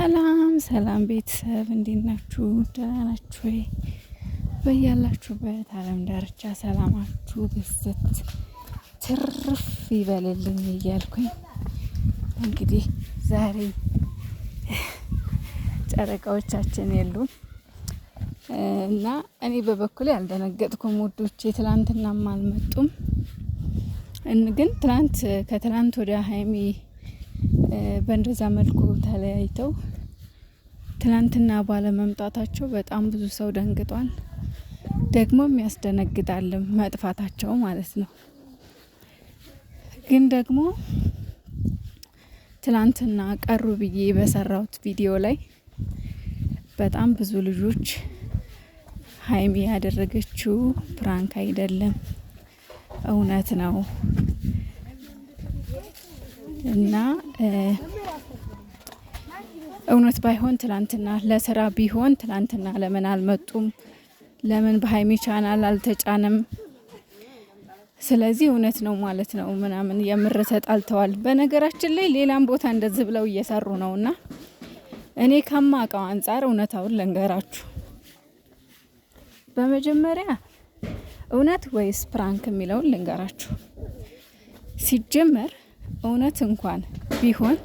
ሰላም ሰላም ቤተሰብ እንዴት ናችሁ? ደህና ናችሁ ወይ? በያላችሁበት ዓለም ዳርቻ ሰላማችሁ በሰት ትርፍ ይበልልኝ እያልኩኝ እንግዲህ ዛሬ ጨረቃዎቻችን የሉም እና እኔ በበኩሌ ያልደነገጥኩም ውዶቼ፣ ትላንትናም አልመጡም። ግን ትላንት ከትላንት ወዲያ ሀይሜ በእንደዛ መልኩ ተለያይተው ትናንትና ባለመምጣታቸው በጣም ብዙ ሰው ደንግጧል። ደግሞም ያስደነግጣልም መጥፋታቸው ማለት ነው። ግን ደግሞ ትላንትና ቀሩ ብዬ በሰራሁት ቪዲዮ ላይ በጣም ብዙ ልጆች ሀይሚ ያደረገችው ፕራንክ አይደለም፣ እውነት ነው እና እውነት ባይሆን ትላንትና ለስራ ቢሆን ትላንትና ለምን አልመጡም? ለምን በሀይሚ ቻናል አልተጫንም ስለዚህ እውነት ነው ማለት ነው ምናምን የምር ተጣልተዋል። በነገራችን ላይ ሌላም ቦታ እንደዚህ ብለው እየሰሩ ነው እና እኔ ከማውቀው አንጻር እውነታውን ልንገራችሁ። በመጀመሪያ እውነት ወይስ ፕራንክ የሚለውን ልንገራችሁ ሲጀመር እውነት እንኳን ቢሆን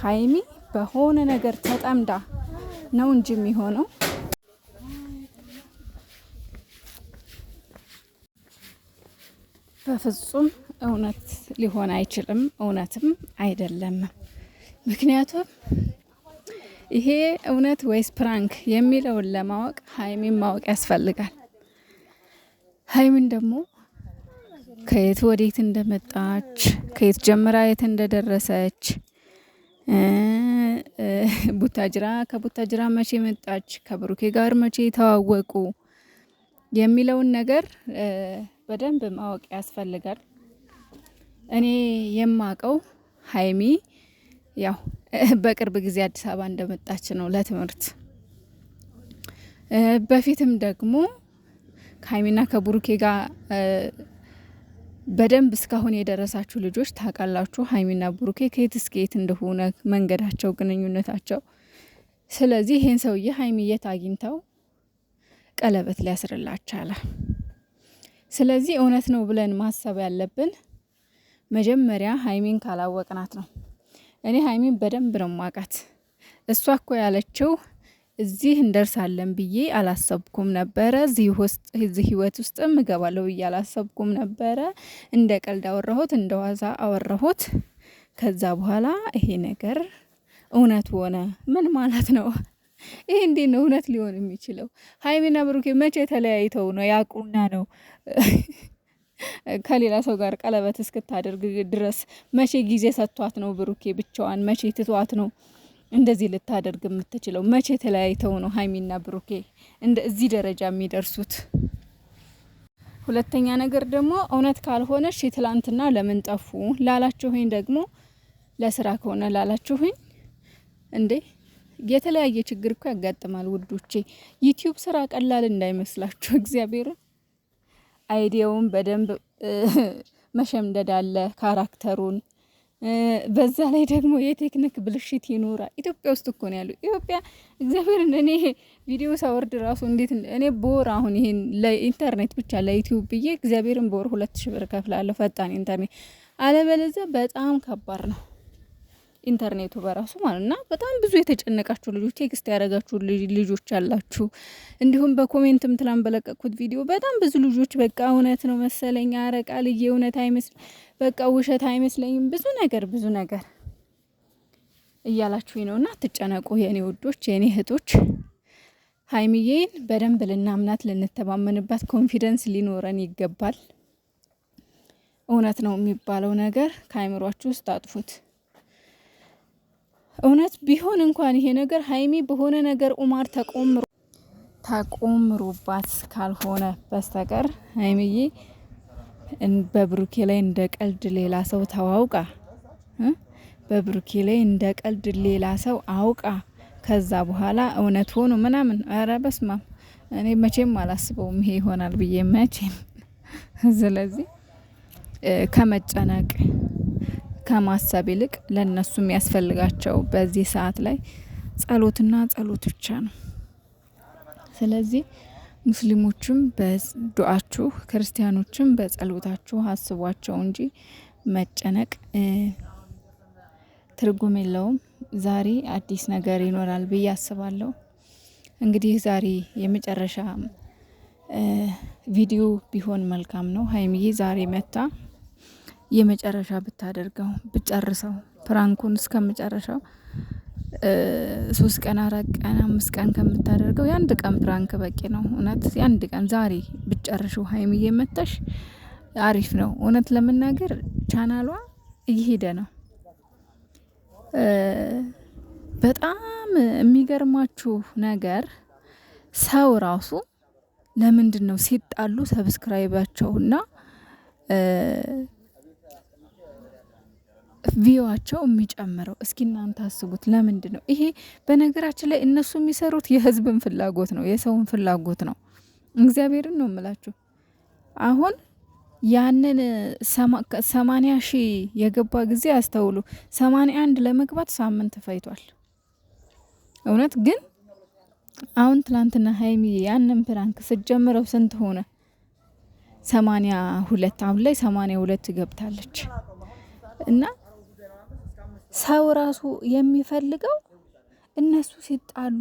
ሀይሚ በሆነ ነገር ተጠምዳ ነው እንጂ የሚሆነው በፍጹም እውነት ሊሆን አይችልም። እውነትም አይደለም። ምክንያቱም ይሄ እውነት ወይስ ፕራንክ የሚለውን ለማወቅ ሀይሚን ማወቅ ያስፈልጋል። ሀይሚን ደግሞ ከየት ወዴት እንደመጣች ከየት ጀምራ የት እንደደረሰች ቡታጅራ ከቡታጅራ መቼ መጣች፣ ከብሩኬ ጋር መቼ ተዋወቁ የሚለውን ነገር በደንብ ማወቅ ያስፈልጋል። እኔ የማቀው ሀይሚ ያው በቅርብ ጊዜ አዲስ አበባ እንደመጣች ነው ለትምህርት። በፊትም ደግሞ ከሀይሚና ከብሩኬ ጋር በደንብ እስካሁን የደረሳችሁ ልጆች ታውቃላችሁ ሀይሚና ብሩኬ ከየት እስከ የት እንደሆነ መንገዳቸው፣ ግንኙነታቸው። ስለዚህ ይህን ሰውዬ ሀይሚ የት አግኝተው ቀለበት አለ? ስለዚህ እውነት ነው ብለን ማሰብ ያለብን መጀመሪያ ሀይሚን ካላወቅናት ነው። እኔ ሀይሚን በደንብ ነው ማውቃት። እሷ እኮ ያለችው እዚህ እንደርሳለን ብዬ አላሰብኩም ነበረ። እዚህ ህይወት ውስጥም እገባለሁ ብዬ አላሰብኩም ነበረ። እንደ ቀልድ አወራሁት፣ እንደ ዋዛ አወራሁት። ከዛ በኋላ ይሄ ነገር እውነት ሆነ። ምን ማለት ነው? ይሄ እንዴ ነው እውነት ሊሆን የሚችለው? ሀይሚና ብሩኬ መቼ ተለያይተው ነው? ያቁና ነው ከሌላ ሰው ጋር ቀለበት እስክታደርግ ድረስ መቼ ጊዜ ሰጥቷት ነው? ብሩኬ ብቻዋን መቼ ትቷት ነው? እንደዚህ ልታደርግ የምትችለው? መቼ ተለያይተው ነው ሀይሚና ብሩኬ እዚህ ደረጃ የሚደርሱት? ሁለተኛ ነገር ደግሞ እውነት ካልሆነሽ የትላንትና ለምን ጠፉ ላላችሁኝ ደግሞ ለስራ ከሆነ ላላችሁኝ እንዴ የተለያየ ችግር እኮ ያጋጥማል ውዶቼ። ዩቲዩብ ስራ ቀላል እንዳይመስላችሁ እግዚአብሔር አይዲያውን በደንብ መሸምደድ አለ፣ ካራክተሩን በዛ ላይ ደግሞ የቴክኒክ ብልሽት ይኖራል። ኢትዮጵያ ውስጥ እኮ ነው ያለው። ኢትዮጵያ እግዚአብሔር እኔ ቪዲዮ ሳወርድ ራሱ እንዴት እኔ በወር አሁን ይሄን ለኢንተርኔት ብቻ ለዩቲዩብ ብዬ እግዚአብሔርን በወር ሁለት ሺ ብር ከፍላለሁ፣ ፈጣን ኢንተርኔት። አለበለዚያ በጣም ከባድ ነው። ኢንተርኔቱ በራሱ ማለት እና በጣም ብዙ የተጨነቃችሁ ልጆች፣ ቴክስት ያደረጋችሁ ልጆች አላችሁ። እንዲሁም በኮሜንትም ትላንት በለቀቅኩት ቪዲዮ በጣም ብዙ ልጆች በቃ እውነት ነው መሰለኝ፣ አረ ቃልዬ እውነት አይመስል በቃ ውሸት አይመስለኝም፣ ብዙ ነገር ብዙ ነገር እያላችሁ ነውና ትጨነቁ የኔ ውዶች፣ የኔ እህቶች ሀይሚዬን በደንብ ልናምናት ልንተማመንባት ኮንፊደንስ ሊኖረን ይገባል። እውነት ነው የሚባለው ነገር ከአይምሯችሁ ውስጥ አጥፉት። እውነት ቢሆን እንኳን ይሄ ነገር ሀይሚ በሆነ ነገር ኡማር ተቆምሮ ተቆምሮባት ካልሆነ በስተቀር ሀይሚዬ በብሩኬ ላይ እንደ ቀልድ ሌላ ሰው ተዋውቃ በብሩኬ ላይ እንደ ቀልድ ሌላ ሰው አውቃ ከዛ በኋላ እውነት ሆኖ ምናምን ኧረ በስማ እኔ መቼም አላስበውም ይሄ ይሆናል ብዬ መቼም። ስለዚህ ከመጨነቅ ከማሰብ ይልቅ ለእነሱ የሚያስፈልጋቸው በዚህ ሰዓት ላይ ጸሎትና ጸሎት ብቻ ነው። ስለዚህ ሙስሊሞችም በዱአችሁ ክርስቲያኖችም በጸሎታችሁ አስቧቸው እንጂ መጨነቅ ትርጉም የለውም። ዛሬ አዲስ ነገር ይኖራል ብዬ አስባለሁ። እንግዲህ ዛሬ የመጨረሻ ቪዲዮ ቢሆን መልካም ነው። ሀይሚዬ ዛሬ መታ የመጨረሻ ብታደርገው ብጨርሰው ፕራንኩን እስከ መጨረሻው ሶስት ቀን አራት ቀን አምስት ቀን ከምታደርገው የአንድ ቀን ፕራንክ በቂ ነው። እውነት የአንድ ቀን ዛሬ ብጨርሽው ሀይሚዬ እየመታሽ አሪፍ ነው። እውነት ለመናገር ቻናሏ እየሄደ ነው። በጣም የሚገርማችሁ ነገር ሰው ራሱ ለምንድን ነው ሲጣሉ ሰብስክራይባቸውና ቪዋቸው የሚጨምረው? እስኪ እናንተ አስቡት። ለምንድን ነው ይሄ? በነገራችን ላይ እነሱ የሚሰሩት የህዝብን ፍላጎት ነው፣ የሰውን ፍላጎት ነው። እግዚአብሔርን ነው የምላችሁ አሁን ያንን ሰማንያ ሺህ የገባ ጊዜ አስተውሉ። ሰማንያ አንድ ለመግባት ሳምንት ፈይቷል። እውነት ግን አሁን ትናንትና ሀይሚ ያንን ፕራንክ ስትጀምረው ስንት ሆነ? ሰማንያ ሁለት አሁን ላይ ሰማንያ ሁለት ገብታለች እና ሰው ራሱ የሚፈልገው እነሱ ሲጣሉ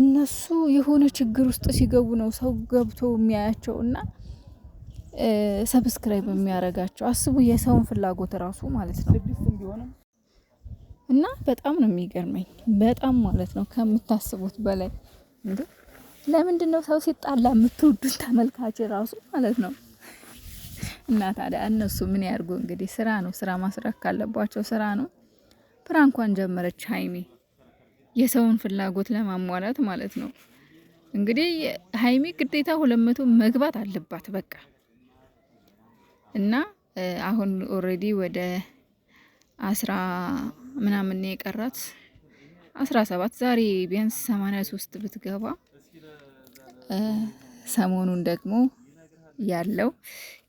እነሱ የሆነ ችግር ውስጥ ሲገቡ ነው ሰው ገብቶ የሚያያቸው እና ሰብስክራይብ የሚያደርጋቸው። አስቡ የሰውን ፍላጎት ራሱ ማለት ነው። እና በጣም ነው የሚገርመኝ፣ በጣም ማለት ነው ከምታስቡት በላይ። ለምንድን ነው ሰው ሲጣላ የምትወዱት ተመልካች ራሱ ማለት ነው እና ታዲያ እነሱ ምን ያርጉ እንግዲህ ስራ ነው። ስራ ማስረክ ካለባቸው ስራ ነው። ፕራንኳን ጀመረች ሀይሚ የሰውን ፍላጎት ለማሟላት ማለት ነው። እንግዲህ ሀይሚ ግዴታ ሁለት መቶ መግባት አለባት በቃ እና አሁን ኦልሬዲ ወደ አስራ ምናምን የቀራት አስራ ሰባት ዛሬ ቢያንስ ሰማንያ ሶስት ብትገባ ሰሞኑን ደግሞ ያለው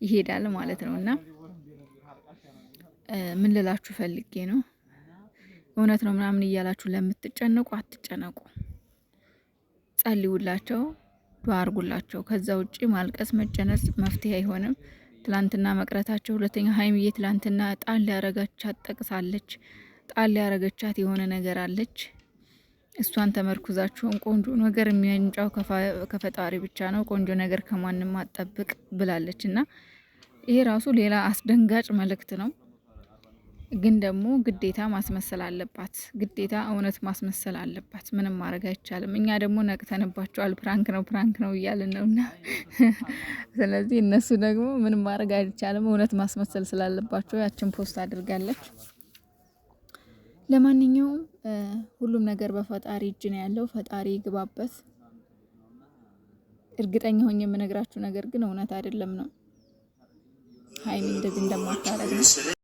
ይሄዳል ማለት ነው። እና ምን ልላችሁ ፈልጌ ነው፣ እውነት ነው ምናምን እያላችሁ ለምትጨነቁ አትጨነቁ፣ ጸልዩላቸው፣ ዱዓ አርጉላቸው ከዛ ውጪ ማልቀስ መጨነስ መፍትሄ አይሆንም። ትላንትና መቅረታቸው ሁለተኛ ሀይሚዬ ትላንትና ጣል ያረጋቻት ጠቅሳለች። ጣል ያረገቻት የሆነ ነገር አለች። እሷን ተመርኩዛችሁን ቆንጆ ነገር የሚያንጫው ከፈጣሪ ብቻ ነው፣ ቆንጆ ነገር ከማንም አጠብቅ ብላለች እና ይሄ ራሱ ሌላ አስደንጋጭ መልእክት ነው። ግን ደግሞ ግዴታ ማስመሰል አለባት፣ ግዴታ እውነት ማስመሰል አለባት። ምንም ማድረግ አይቻልም። እኛ ደግሞ ነቅተንባቸዋል። ፕራንክ ነው ፕራንክ ነው እያልን ነው እና ስለዚህ እነሱ ደግሞ ምንም ማድረግ አይቻልም፣ እውነት ማስመሰል ስላለባቸው ያችን ፖስት አድርጋለች። ለማንኛውም ሁሉም ነገር በፈጣሪ እጅ ነው ያለው። ፈጣሪ ግባበት። እርግጠኛ ሆኜ የምነግራችሁ ነገር ግን እውነት አይደለም ነው ሀይሚ እንደዚህ እንደማታረግ ነው።